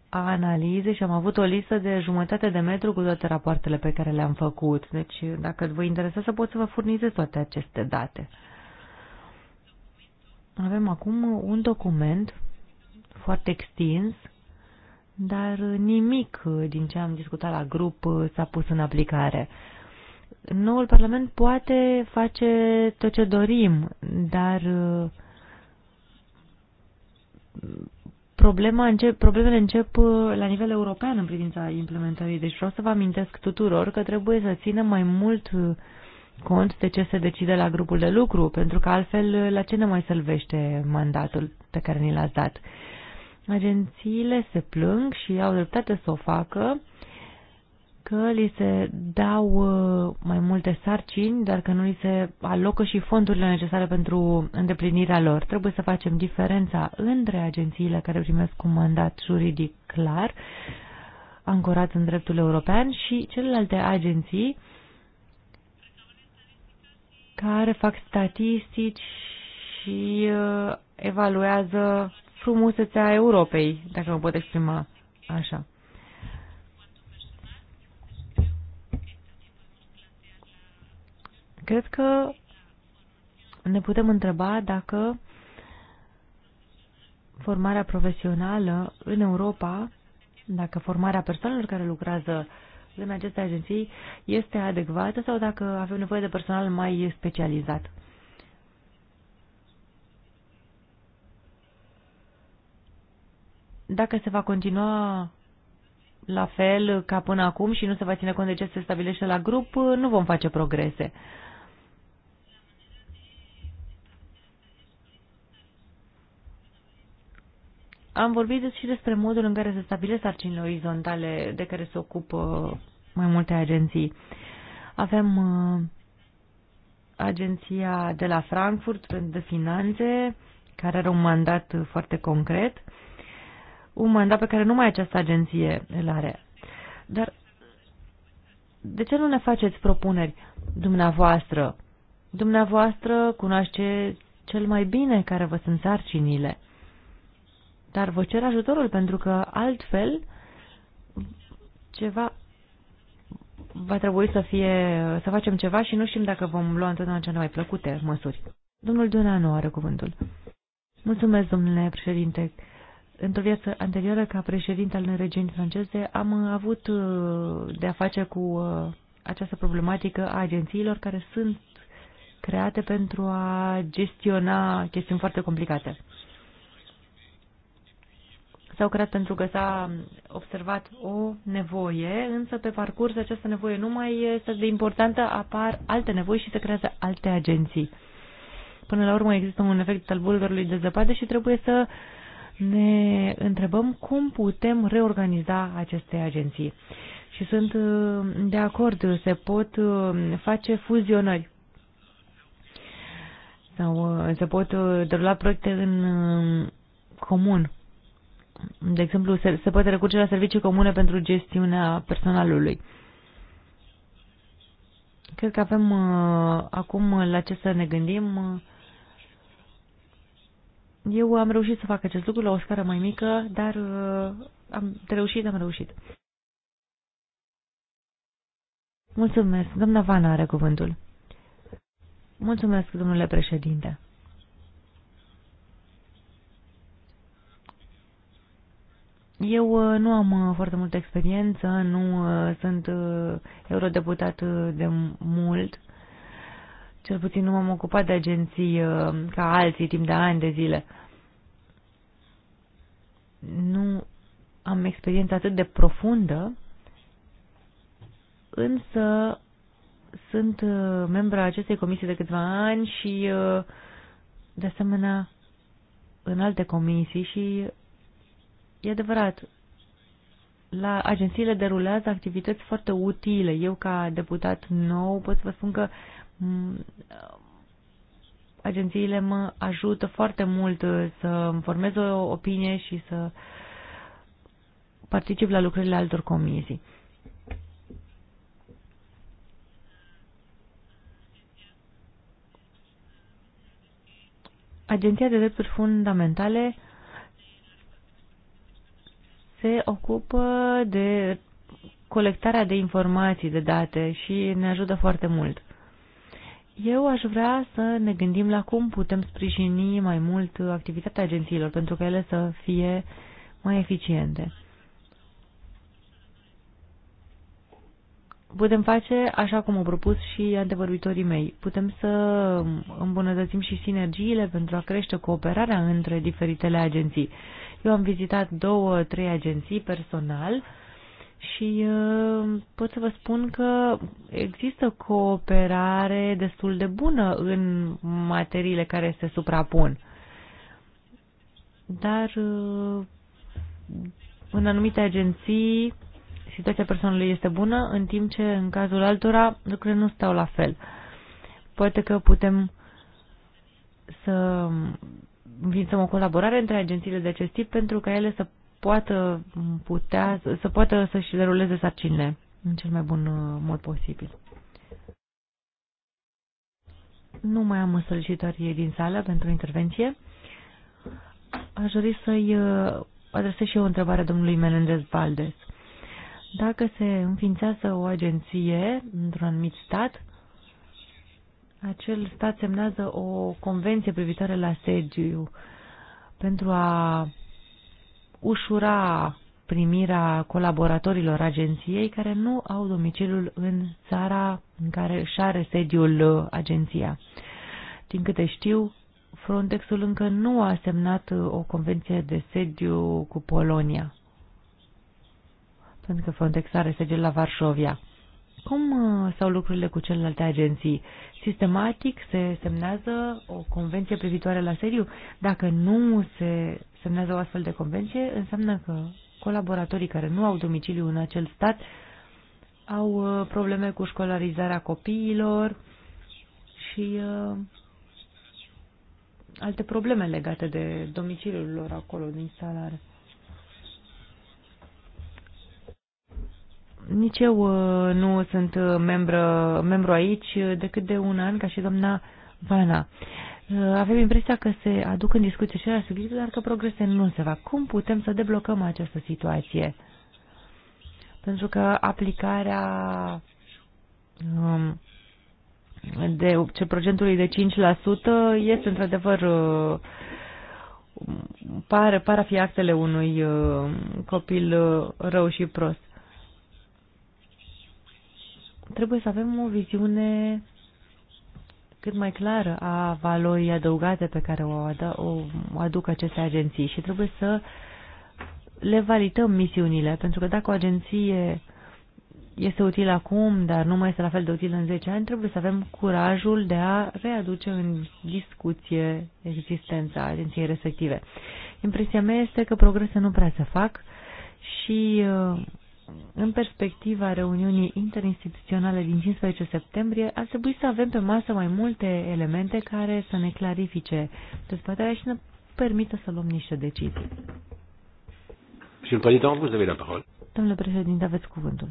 analize și am avut o listă de jumătate de metru cu toate rapoartele pe care le-am făcut. Deci, dacă vă interesează, pot să vă furnizez toate aceste date. Avem acum un document foarte extins, dar nimic din ce am discutat la grup s-a pus în aplicare noul Parlament poate face tot ce dorim, dar uh, problema încep, problemele încep uh, la nivel european în privința implementării. Deci vreau să vă amintesc tuturor că trebuie să ținem mai mult uh, cont de ce se decide la grupul de lucru, pentru că altfel la ce ne mai salvește mandatul pe care ni l-ați dat? Agențiile se plâng și au dreptate să o facă că li se dau uh, mai multe sarcini, dar că nu li se alocă și fondurile necesare pentru îndeplinirea lor. Trebuie să facem diferența între agențiile care primesc un mandat juridic clar, ancorat în dreptul european, și celelalte agenții care fac statistici și uh, evaluează frumusețea Europei, dacă mă pot exprima așa. Cred că ne putem întreba dacă formarea profesională în Europa, dacă formarea persoanelor care lucrează în aceste agenții este adecvată sau dacă avem nevoie de personal mai specializat. Dacă se va continua la fel ca până acum și nu se va ține cont de ce se stabilește la grup, nu vom face progrese. Am vorbit și despre modul în care se stabilesc sarcinile orizontale de care se ocupă mai multe agenții. Avem uh, agenția de la Frankfurt de finanțe, care are un mandat foarte concret, un mandat pe care numai această agenție îl are. Dar de ce nu ne faceți propuneri dumneavoastră? Dumneavoastră cunoaște cel mai bine care vă sunt sarcinile. Dar vă cer ajutorul pentru că altfel ceva va trebui să fie, să facem ceva și nu știm dacă vom lua întotdeauna cele mai plăcute măsuri. Domnul nu are cuvântul. Mulțumesc, domnule președinte. Într-o viață anterioară, ca președinte al regiunii franceze, am avut uh, de-a face cu uh, această problematică a agențiilor care sunt create pentru a gestiona chestiuni foarte complicate s-au creat pentru că s-a observat o nevoie, însă pe parcurs această nevoie nu mai este de importantă, apar alte nevoi și se creează alte agenții. Până la urmă există un efect al bulgărului de zăpadă și trebuie să ne întrebăm cum putem reorganiza aceste agenții. Și sunt uh, de acord, se pot uh, face fuzionări sau uh, se pot derula proiecte în comun de exemplu, se, se poate recurge la servicii comune pentru gestiunea personalului. Cred că avem uh, acum la ce să ne gândim. Eu am reușit să fac acest lucru la o scară mai mică, dar uh, am reușit, am reușit. Mulțumesc. Doamna Vana are cuvântul. Mulțumesc, domnule președinte. Eu uh, nu am uh, foarte multă experiență, nu uh, sunt eurodeputat de mult, cel puțin nu m-am ocupat de agenții ca alții timp de ani de zile. Nu am experiență atât de profundă, însă sunt membra acestei comisii de câțiva ani și de asemenea în alte comisii și E adevărat, la agențiile derulează activități foarte utile. Eu, ca deputat nou, pot să vă spun că mm, agențiile mă ajută foarte mult să îmi formez o opinie și să particip la lucrările altor comisii. Agenția de Drepturi Fundamentale se ocupă de colectarea de informații, de date și ne ajută foarte mult. Eu aș vrea să ne gândim la cum putem sprijini mai mult activitatea agențiilor pentru că ele să fie mai eficiente. Putem face, așa cum au propus și antevorbitorii mei, putem să îmbunătățim și sinergiile pentru a crește cooperarea între diferitele agenții eu am vizitat două, trei agenții personal și uh, pot să vă spun că există cooperare destul de bună în materiile care se suprapun. Dar uh, în anumite agenții situația persoanelor este bună, în timp ce în cazul altora lucrurile nu stau la fel. Poate că putem să înființăm o colaborare între agențiile de acest tip pentru ca ele să poată putea, să poată să-și deruleze sarcinile în cel mai bun uh, mod posibil. Nu mai am solicitări din sală pentru intervenție. Aș dori să-i uh, adresez și eu o întrebare domnului Menendez Valdez. Dacă se înființează o agenție într-un anumit stat, acel stat semnează o convenție privitoare la sediu pentru a ușura primirea colaboratorilor agenției care nu au domiciliul în țara în care își are sediul uh, agenția. Din câte știu, Frontexul încă nu a semnat uh, o convenție de sediu cu Polonia, pentru că Frontex are sediul la Varșovia. Cum uh, stau lucrurile cu celelalte agenții? sistematic se semnează o convenție privitoare la seriu. Dacă nu se semnează o astfel de convenție, înseamnă că colaboratorii care nu au domiciliu în acel stat au uh, probleme cu școlarizarea copiilor și uh, alte probleme legate de domiciliul lor acolo, din instalare. Nici eu uh, nu sunt uh, membră, membru aici decât de un an, ca și doamna Vana. Uh, avem impresia că se aduc în discuție și la subiectul, dar că progrese nu se va Cum putem să deblocăm această situație? Pentru că aplicarea um, de ce procentului de 5% este într-adevăr uh, par, a fi actele unui uh, copil uh, rău și prost trebuie să avem o viziune cât mai clară a valorii adăugate pe care o, ad- o aduc aceste agenții și trebuie să le validăm misiunile, pentru că dacă o agenție este utilă acum, dar nu mai este la fel de utilă în 10 ani, trebuie să avem curajul de a readuce în discuție existența agenției respective. Impresia mea este că progrese nu prea se fac și uh, în perspectiva reuniunii interinstituționale din 15 septembrie, ar trebui să avem pe masă mai multe elemente care să ne clarifice dezbaterea și ne permită să luăm niște decizii. Monsieur le Président, la parole. Domnule președinte, aveți cuvântul.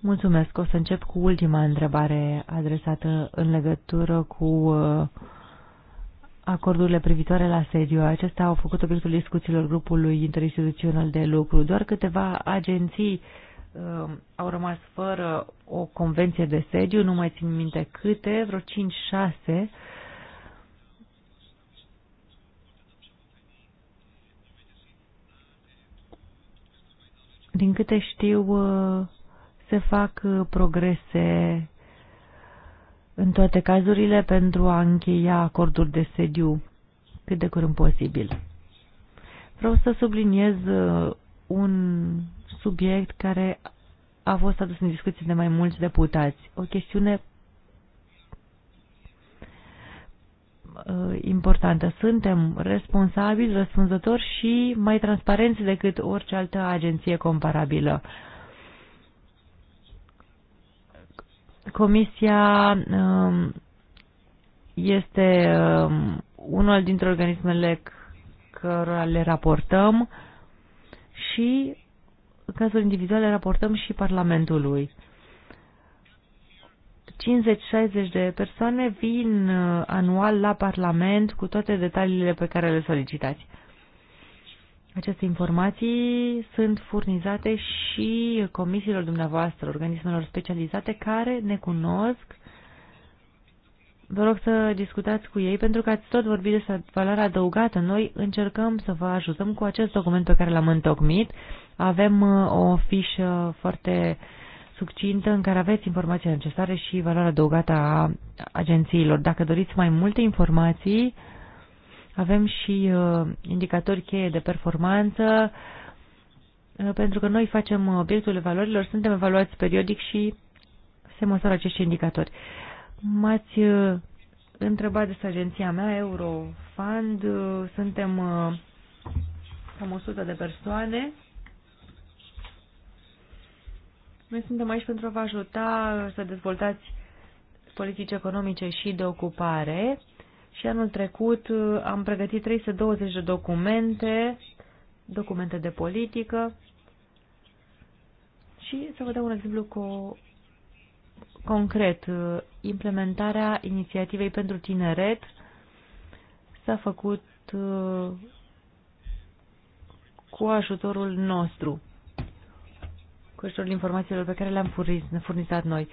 Mulțumesc. O să încep cu ultima întrebare adresată în legătură cu uh, acordurile privitoare la sediu. Acestea au făcut obiectul discuțiilor grupului interinstituțional de lucru. Doar câteva agenții uh, au rămas fără o convenție de sediu, nu mai țin minte câte, vreo 5-6. Din câte știu, uh, se fac uh, progrese în toate cazurile pentru a încheia acorduri de sediu cât de curând posibil. Vreau să subliniez uh, un subiect care a fost adus în discuție de mai mulți deputați. O chestiune uh, importantă. Suntem responsabili, răspunzători și mai transparenți decât orice altă agenție comparabilă. Uh, Comisia um, este um, unul dintre organismele cărora le raportăm și în individual, le raportăm și Parlamentului. 50-60 de persoane vin uh, anual la Parlament cu toate detaliile pe care le solicitați. Aceste informații sunt furnizate și comisiilor dumneavoastră, organismelor specializate care ne cunosc. Vă rog să discutați cu ei pentru că ați tot vorbit despre valoarea adăugată. Noi încercăm să vă ajutăm cu acest document pe care l-am întocmit. Avem uh, o fișă foarte succintă în care aveți informații necesare și valoarea adăugată a agențiilor. Dacă doriți mai multe informații, avem și uh, indicatori cheie de performanță, uh, pentru că noi facem obiectul evaluărilor, suntem evaluați periodic și se măsoară acești indicatori. M-ați uh, întrebat despre agenția mea, Eurofund, suntem cam 100 de persoane. Noi suntem aici pentru a vă ajuta să dezvoltați politici economice și de ocupare și anul trecut uh, am pregătit 320 de documente, documente de politică și să vă dau un exemplu cu concret. Uh, implementarea inițiativei pentru tineret s-a făcut uh, cu ajutorul nostru, cu ajutorul informațiilor pe care le-am furnizat noi.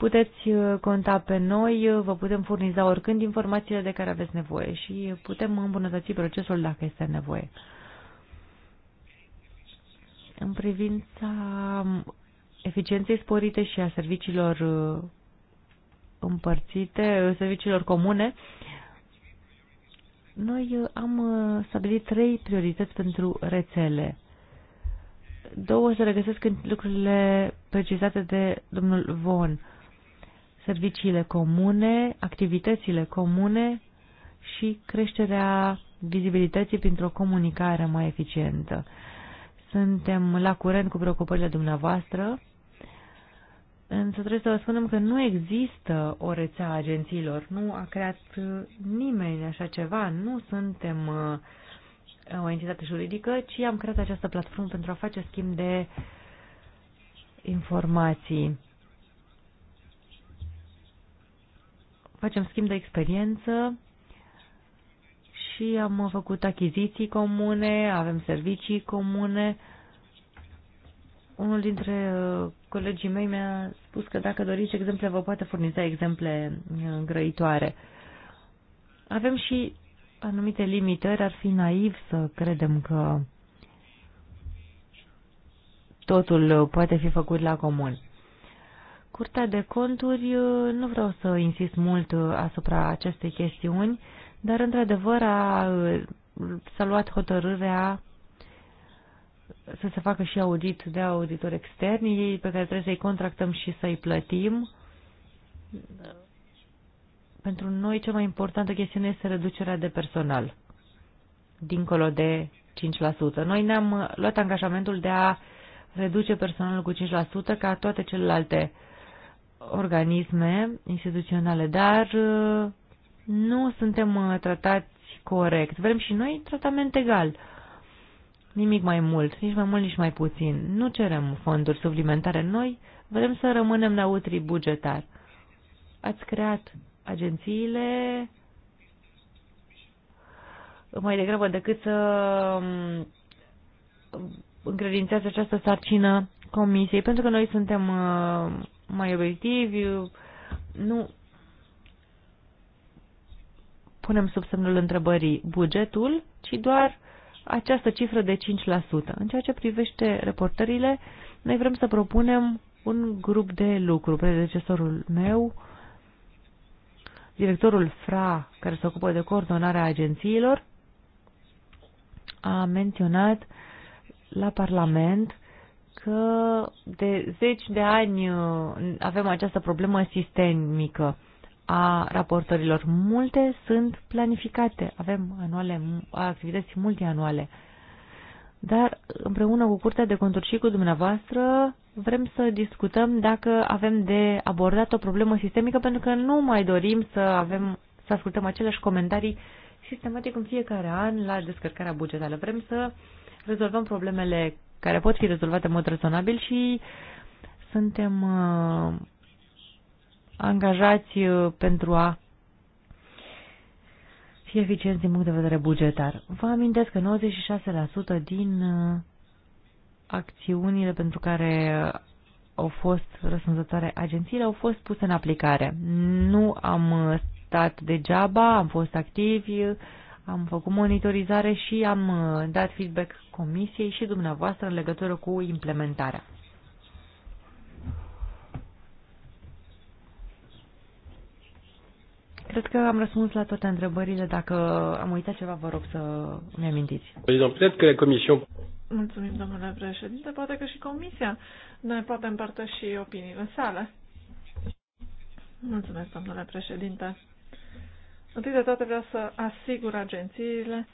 Puteți uh, conta pe noi, uh, vă putem furniza oricând informațiile de care aveți nevoie și putem îmbunătăți procesul dacă este nevoie. În privința um, eficienței sporite și a serviciilor uh, împărțite, serviciilor comune, noi am stabilit trei priorități pentru rețele. Două se regăsesc în lucrurile precizate de domnul Von serviciile comune, activitățile comune și creșterea vizibilității printr-o comunicare mai eficientă. Suntem la curent cu preocupările dumneavoastră, însă trebuie să vă spunem că nu există o rețea a agențiilor, nu a creat nimeni așa ceva, nu suntem uh, o entitate juridică, ci am creat această platformă pentru a face schimb de informații facem schimb de experiență și am făcut achiziții comune, avem servicii comune. Unul dintre uh, colegii mei mi-a spus că dacă doriți exemple, vă poate furniza exemple uh, grăitoare. Avem și anumite limitări, ar fi naiv să credem că totul uh, poate fi făcut la comun. Curtea de conturi, uh, nu vreau să insist mult uh, asupra acestei chestiuni, dar într-adevăr a, uh, s-a luat hotărârea să se facă și audit de auditori externi, pe care trebuie să-i contractăm și să-i plătim. Pentru noi cea mai importantă chestiune este reducerea de personal, dincolo de 5%. Noi ne-am luat angajamentul de a reduce personalul cu 5% ca toate celelalte uh, organisme instituționale, dar uh, nu suntem uh, tratați corect. Vrem și noi tratament egal. Nimic mai mult, nici mai mult, nici mai puțin. Nu cerem fonduri suplimentare. Noi vrem să rămânem la utri bugetar. Ați creat agențiile mai degrabă decât să um, încredințează această sarcină comisiei, pentru că noi suntem uh, mai obiectiv, nu punem sub semnul întrebării bugetul, ci doar această cifră de 5%. În ceea ce privește reportările, noi vrem să propunem un grup de lucru. Predecesorul meu, directorul FRA, care se ocupă de coordonarea agențiilor, a menționat la Parlament că de zeci de ani uh, avem această problemă sistemică a raportărilor. Multe sunt planificate, avem anuale, activități multianuale. Dar împreună cu Curtea de Conturi și cu dumneavoastră vrem să discutăm dacă avem de abordat o problemă sistemică pentru că nu mai dorim să avem să ascultăm aceleași comentarii sistematic în fiecare an la descărcarea bugetală. Vrem să rezolvăm problemele care pot fi rezolvate în mod rezonabil și suntem uh, angajați uh, pentru a fi eficienți din punct de vedere bugetar. Vă amintesc că 96% din uh, acțiunile pentru care au fost răspunzătoare agențiile au fost puse în aplicare. Nu am stat degeaba, am fost activi, am făcut monitorizare și am uh, dat feedback comisiei și dumneavoastră în legătură cu implementarea. Cred că am răspuns la toate întrebările. Dacă am uitat ceva, vă rog să ne amintiți. Cred că comisia. Mulțumim, domnule președinte. Poate că și comisia ne poate împărtăși opiniile sale. Mulțumesc, domnule președinte. Întâi de toate vreau să asigur agențiile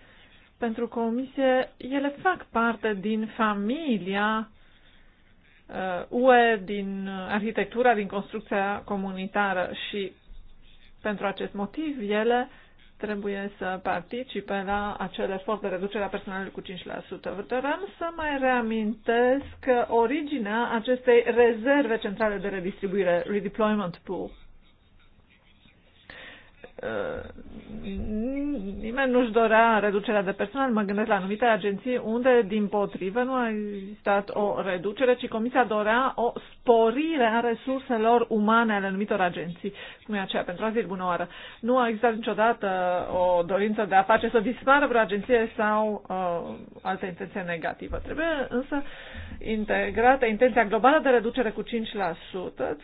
pentru comisie, ele fac parte din familia uh, UE, din uh, arhitectura, din construcția comunitară și pentru acest motiv ele trebuie să participe la acel efort de reducere a personalului cu 5%. Vreau să mai reamintesc originea acestei rezerve centrale de redistribuire, Redeployment Pool. Uh, nimeni nu-și dorea reducerea de personal. Mă gândesc la anumite agenții unde, din potrivă, nu a existat o reducere, ci Comisia dorea o sporire a resurselor umane ale anumitor agenții, cum e aceea pentru azil, bună oară. Nu a existat niciodată o dorință de a face să dispară vreo agenție sau uh, alte intenție negativă. Trebuie însă integrată intenția globală de reducere cu 5%,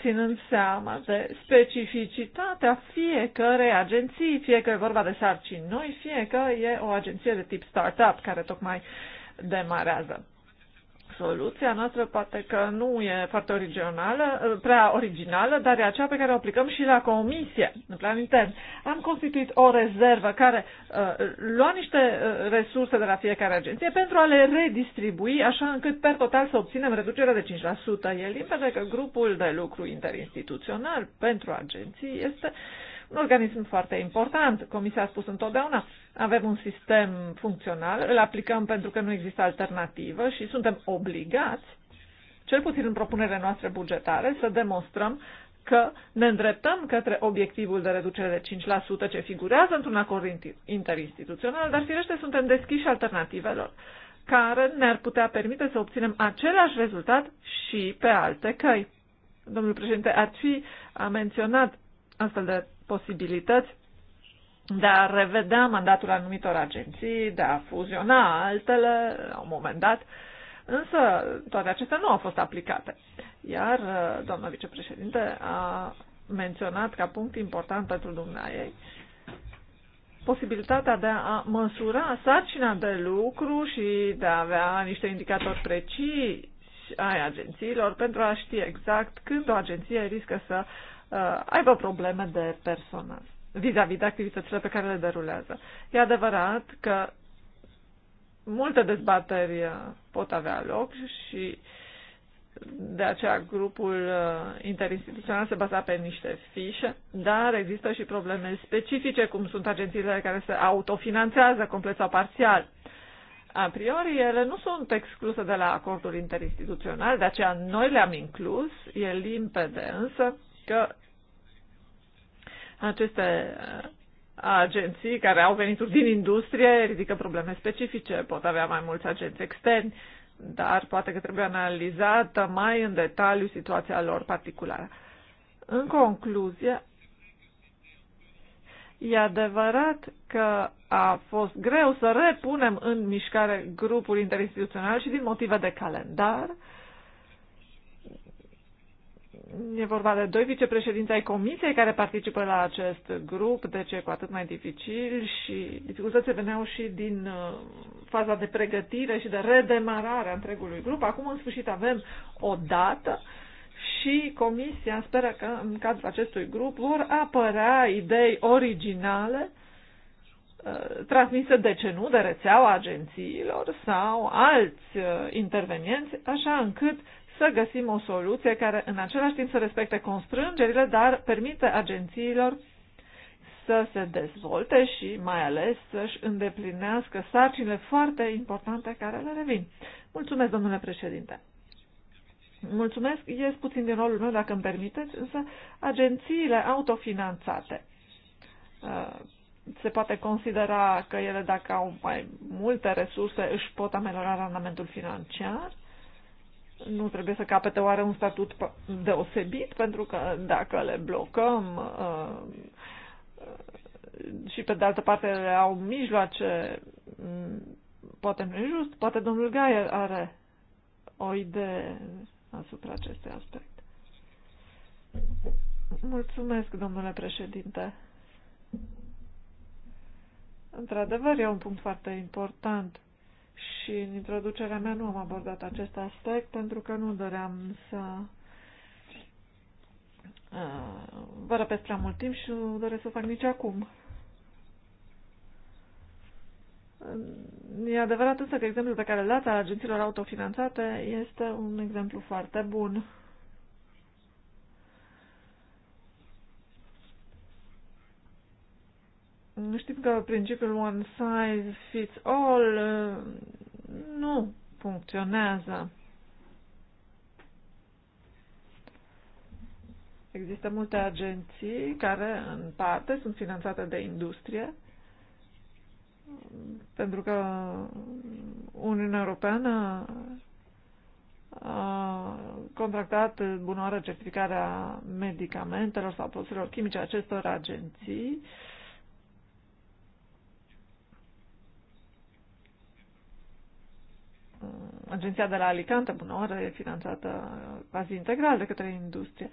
ținând seama de specificitatea fiecărei agenții, fie că e vorba de sarcini noi, fie că e o agenție de tip startup care tocmai demarează. Soluția noastră poate că nu e foarte originală, prea originală, dar e aceea pe care o aplicăm și la comisie, în plan intern. Am constituit o rezervă care uh, lua niște uh, resurse de la fiecare agenție pentru a le redistribui, așa încât per total să obținem reducerea de 5%. E limpede că grupul de lucru interinstituțional pentru agenții este uh, un organism foarte important. Comisia a spus întotdeauna, avem un sistem funcțional, îl aplicăm pentru că nu există alternativă și suntem obligați, cel puțin în propunerea noastră bugetare, să demonstrăm că ne îndreptăm către obiectivul de reducere de 5% ce figurează într-un acord interinstituțional, dar firește suntem deschiși alternativelor care ne-ar putea permite să obținem același rezultat și pe alte căi. Domnul președinte fi a menționat astfel de posibilități de a revedea mandatul anumitor agenții, de a fuziona altele la un moment dat, însă toate acestea nu au fost aplicate. Iar uh, doamna vicepreședinte a menționat ca punct important pentru ei posibilitatea de a măsura sarcina de lucru și de a avea niște indicatori precisi ai agențiilor pentru a ști exact când o agenție riscă să uh, aibă probleme de personal vis-a-vis -vis de activitățile pe care le derulează. E adevărat că multe dezbateri uh, pot avea loc și de aceea grupul uh, interinstituțional se baza pe niște fișe, dar există și probleme specifice, cum sunt agențiile care se autofinanțează complet sau parțial. A priori, ele nu sunt excluse de la acordul interinstituțional, de aceea noi le-am inclus, e limpede însă că aceste uh, agenții care au venituri din industrie ridică probleme specifice, pot avea mai mulți agenți externi, dar poate că trebuie analizată mai în detaliu situația lor particulară. În concluzie, e adevărat că a fost greu să repunem în mișcare grupul interinstituțional și din motive de calendar, uh, E vorba de doi vicepreședinți ai comisiei care participă la acest grup, deci e cu atât mai dificil și dificultățile veneau și din uh, faza de pregătire și de redemarare a întregului grup. Acum, în sfârșit, avem o dată și comisia speră că în cadrul acestui grup vor apărea idei originale uh, transmise, de ce nu, de rețeaua agențiilor sau alți uh, intervenienți, așa încât să găsim o soluție care în același timp să respecte constrângerile, dar permite agențiilor să se dezvolte și mai ales să-și îndeplinească sarcinile foarte importante care le revin. Mulțumesc, domnule președinte. Mulțumesc, ies puțin din rolul meu, dacă îmi permiteți, însă agențiile autofinanțate. Uh, se poate considera că ele, dacă au mai multe resurse, își pot ameliora randamentul financiar nu trebuie să capete oare un statut deosebit, pentru că dacă le blocăm uh, și pe de altă parte le au mijloace, mm, poate nu e just, poate domnul Gaia are o idee asupra acestui aspect. Mulțumesc, domnule președinte. Într-adevăr, e un punct foarte important și în introducerea mea nu am abordat acest aspect pentru că nu doream să uh, vă răpesc prea mult timp și nu doresc să fac nici acum. E adevărat însă că exemplul pe care l-ați al agențiilor autofinanțate este un exemplu foarte bun. Știm că principiul one size fits all uh, nu funcționează. Există multe agenții care, în parte, sunt finanțate de industrie, pentru că Uniunea Europeană a contractat bunoară certificarea medicamentelor sau produselor chimice acestor agenții uh, agenția de la Alicante, bună oră, e finanțată quasi integral de către industrie.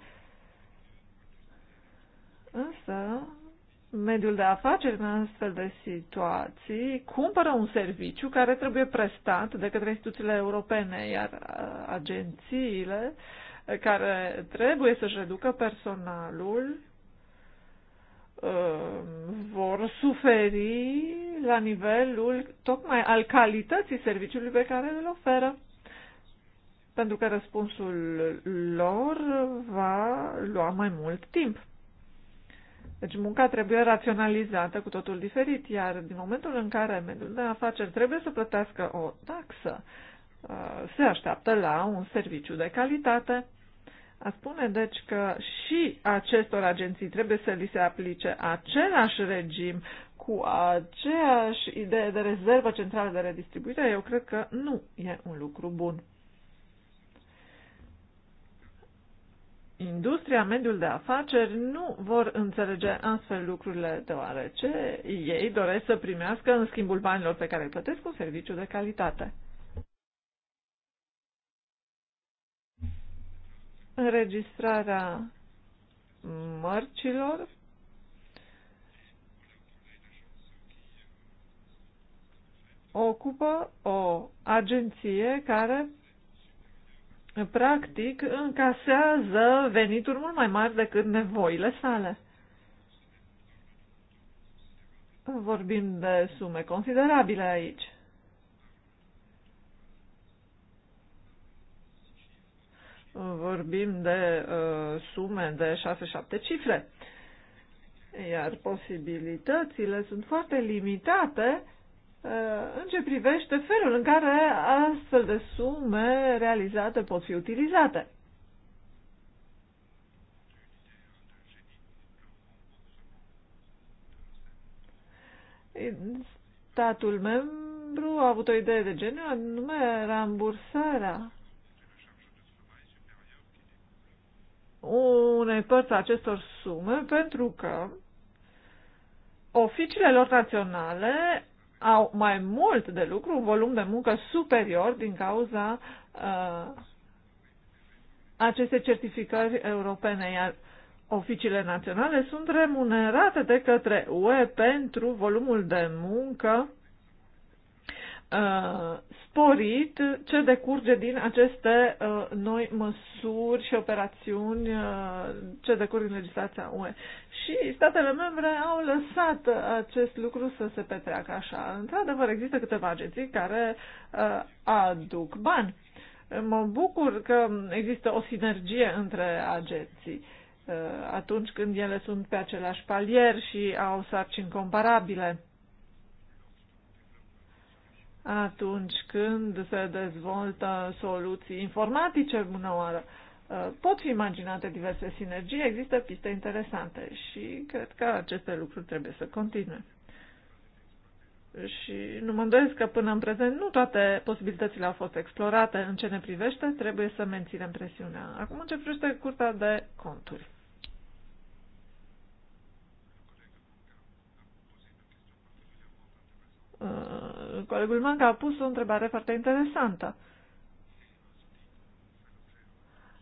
Însă, mediul de afaceri în astfel de situații cumpără un serviciu care trebuie prestat de către instituțiile europene, iar uh, agențiile care trebuie să-și reducă personalul Uh, vor suferi la nivelul tocmai al calității serviciului pe care îl oferă. Pentru că răspunsul lor va lua mai mult timp. Deci munca trebuie raționalizată cu totul diferit, iar din momentul în care mediul de afaceri trebuie să plătească o taxă, uh, se așteaptă la un serviciu de calitate a spune, deci, că și acestor agenții trebuie să li se aplice același regim cu aceeași idee de rezervă centrală de redistribuire, eu cred că nu e un lucru bun. Industria, mediul de afaceri nu vor înțelege astfel lucrurile, deoarece ei doresc să primească, în schimbul banilor pe care îi plătesc, un serviciu de calitate. înregistrarea mărcilor ocupă o agenție care practic încasează venituri mult mai mari decât nevoile sale. Vorbim de sume considerabile aici. vorbim de uh, sume de 6-7 cifre, iar posibilitățile sunt foarte limitate uh, în ce privește felul în care astfel de sume realizate pot fi utilizate. Statul membru a avut o idee de genul, anume rambursarea unei părți a acestor sume pentru că oficiile lor naționale au mai mult de lucru, un volum de muncă superior din cauza uh, acestei certificări europene, iar oficiile naționale sunt remunerate de către UE pentru volumul de muncă Uh, sporit ce decurge din aceste uh, noi măsuri și operațiuni uh, ce decurg din legislația UE. Și statele membre au lăsat acest lucru să se petreacă așa. Într-adevăr, există câteva agenții care aduc bani. Mă bucur că există o sinergie între agenții atunci când ele sunt pe același palier și au sarcini comparabile atunci când se dezvoltă soluții informatice, bună oară, uh, pot fi imaginate diverse sinergii, există piste interesante și cred că aceste lucruri trebuie să continue. Și nu mă îndoiesc că până în prezent nu toate posibilitățile au fost explorate. În ce ne privește, trebuie să menținem presiunea. Acum în ce privește curtea de conturi. Uh, colegul Manca a pus o întrebare foarte interesantă.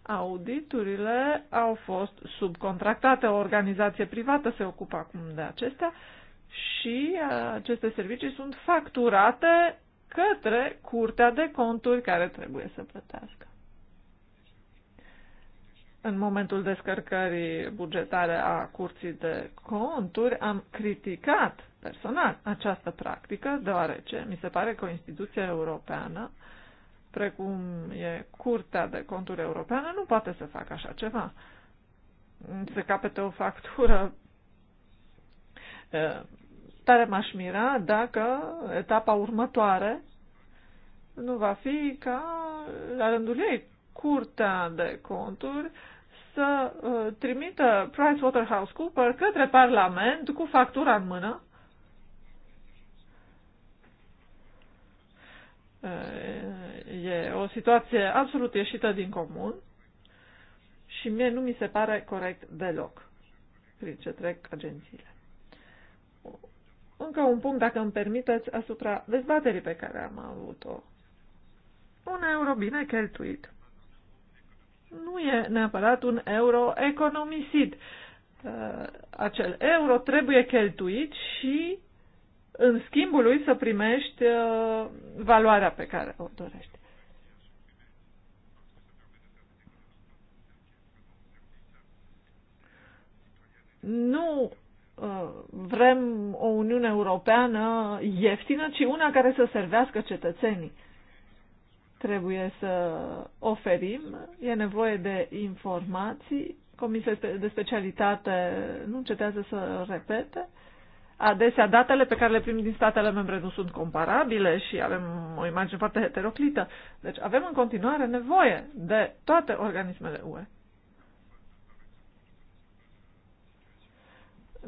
Auditurile au fost subcontractate, o organizație privată se ocupă acum de acestea și uh, aceste servicii sunt facturate către Curtea de Conturi care trebuie să plătească. În momentul descărcării bugetare a curții de conturi am criticat personal această practică, deoarece mi se pare că o instituție europeană, precum e Curtea de Conturi Europeană, nu poate să facă așa ceva. Se capete o factură tare m-aș mira dacă etapa următoare nu va fi ca la rândul ei curtea de conturi să uh, trimită PricewaterhouseCoopers către Parlament cu factura în mână uh, e o situație absolut ieșită din comun și mie nu mi se pare corect deloc prin ce trec agențiile. Încă un punct, dacă îmi permiteți, asupra dezbaterii pe care am avut-o. Un euro bine cheltuit nu e neapărat un euro economisit. Uh, acel euro trebuie cheltuit și în schimbul lui să primești uh, valoarea pe care o dorești. Nu uh, vrem o Uniune Europeană ieftină, ci una care să servească cetățenii trebuie să oferim. E nevoie de informații. Comisia de specialitate nu încetează să repete. Adesea datele pe care le primim din statele membre nu sunt comparabile și avem o imagine foarte heteroclită. Deci avem în continuare nevoie de toate organismele UE.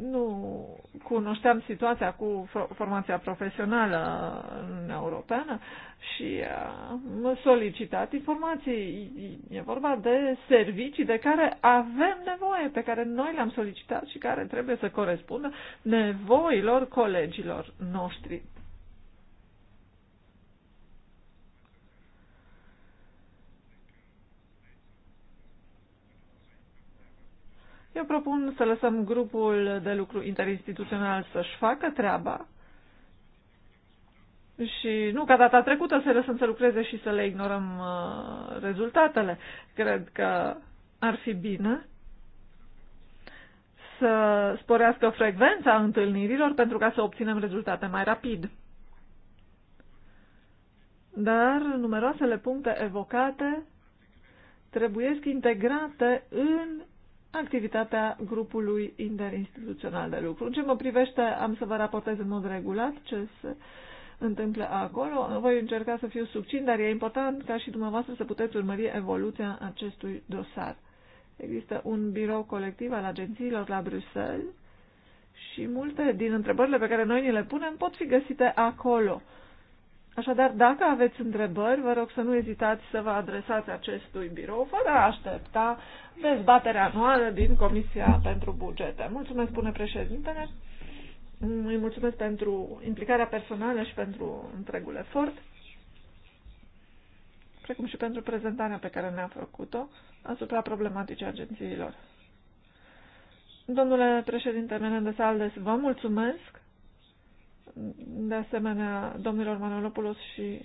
Nu cunoșteam situația cu formația profesională în europeană și uh, am solicitat informații. E vorba de servicii de care avem nevoie, pe care noi le-am solicitat și care trebuie să corespundă nevoilor colegilor noștri Eu propun să lăsăm grupul de lucru interinstituțional să-și facă treaba și nu ca data trecută să lăsăm să lucreze și să le ignorăm uh, rezultatele. Cred că ar fi bine să sporească frecvența întâlnirilor pentru ca să obținem rezultate mai rapid. Dar numeroasele puncte evocate trebuie integrate în activitatea grupului interinstituțional de lucru. În ce mă privește, am să vă raportez în mod regulat ce se întâmplă acolo. Voi încerca să fiu subțin, dar e important ca și dumneavoastră să puteți urmări evoluția acestui dosar. Există un birou colectiv al agențiilor la Bruxelles și multe din întrebările pe care noi ni le punem pot fi găsite acolo. Așadar, dacă aveți întrebări, vă rog să nu ezitați să vă adresați acestui birou fără a aștepta dezbaterea anuală din Comisia pentru Bugete. Mulțumesc, spune președintele. Îi mulțumesc pentru implicarea personală și pentru întregul efort, precum și pentru prezentarea pe care ne-a făcut-o asupra problematicii agențiilor. Domnule președinte Menendez Aldes, vă mulțumesc de asemenea domnilor Manolopoulos și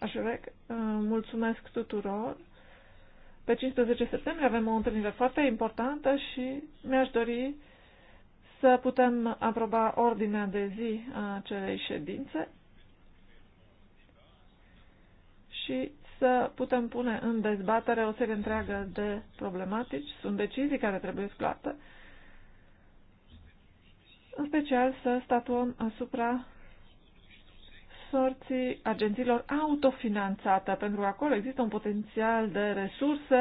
Așurec. Uh, mulțumesc tuturor. Pe 15 septembrie avem o întâlnire foarte importantă și mi-aș dori să putem aproba ordinea de zi a acelei ședințe și să putem pune în dezbatere o serie întreagă de problematici. Sunt decizii care trebuie luate în special să statuăm asupra sorții agențiilor autofinanțate, pentru că acolo există un potențial de resurse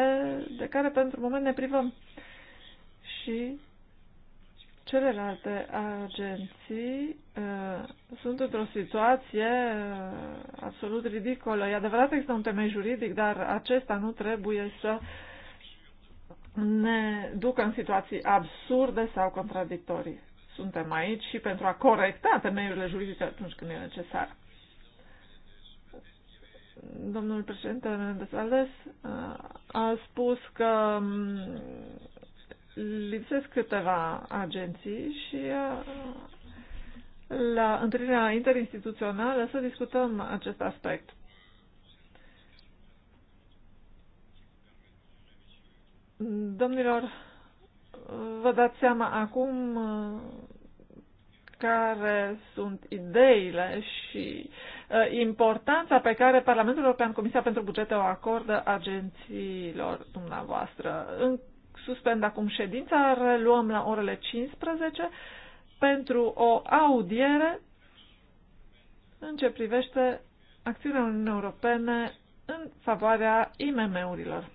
de care pentru moment ne privăm. Și celelalte agenții uh, sunt într-o situație uh, absolut ridicolă. E adevărat că există un temei juridic, dar acesta nu trebuie să ne ducă în situații absurde sau contradictorii suntem aici și pentru a corecta temeiurile juridice atunci când e necesar. Domnul președinte Mendes Aldes uh, a spus că um, lipsesc câteva agenții și uh, la întâlnirea interinstituțională să discutăm acest aspect. Domnilor, vă dați seama acum uh, care sunt ideile și uh, importanța pe care Parlamentul European, Comisia pentru Bugete o acordă agențiilor dumneavoastră. În, suspend acum ședința, reluăm la orele 15 pentru o audiere în ce privește acțiunea Uniunii Europene în favoarea IMM-urilor.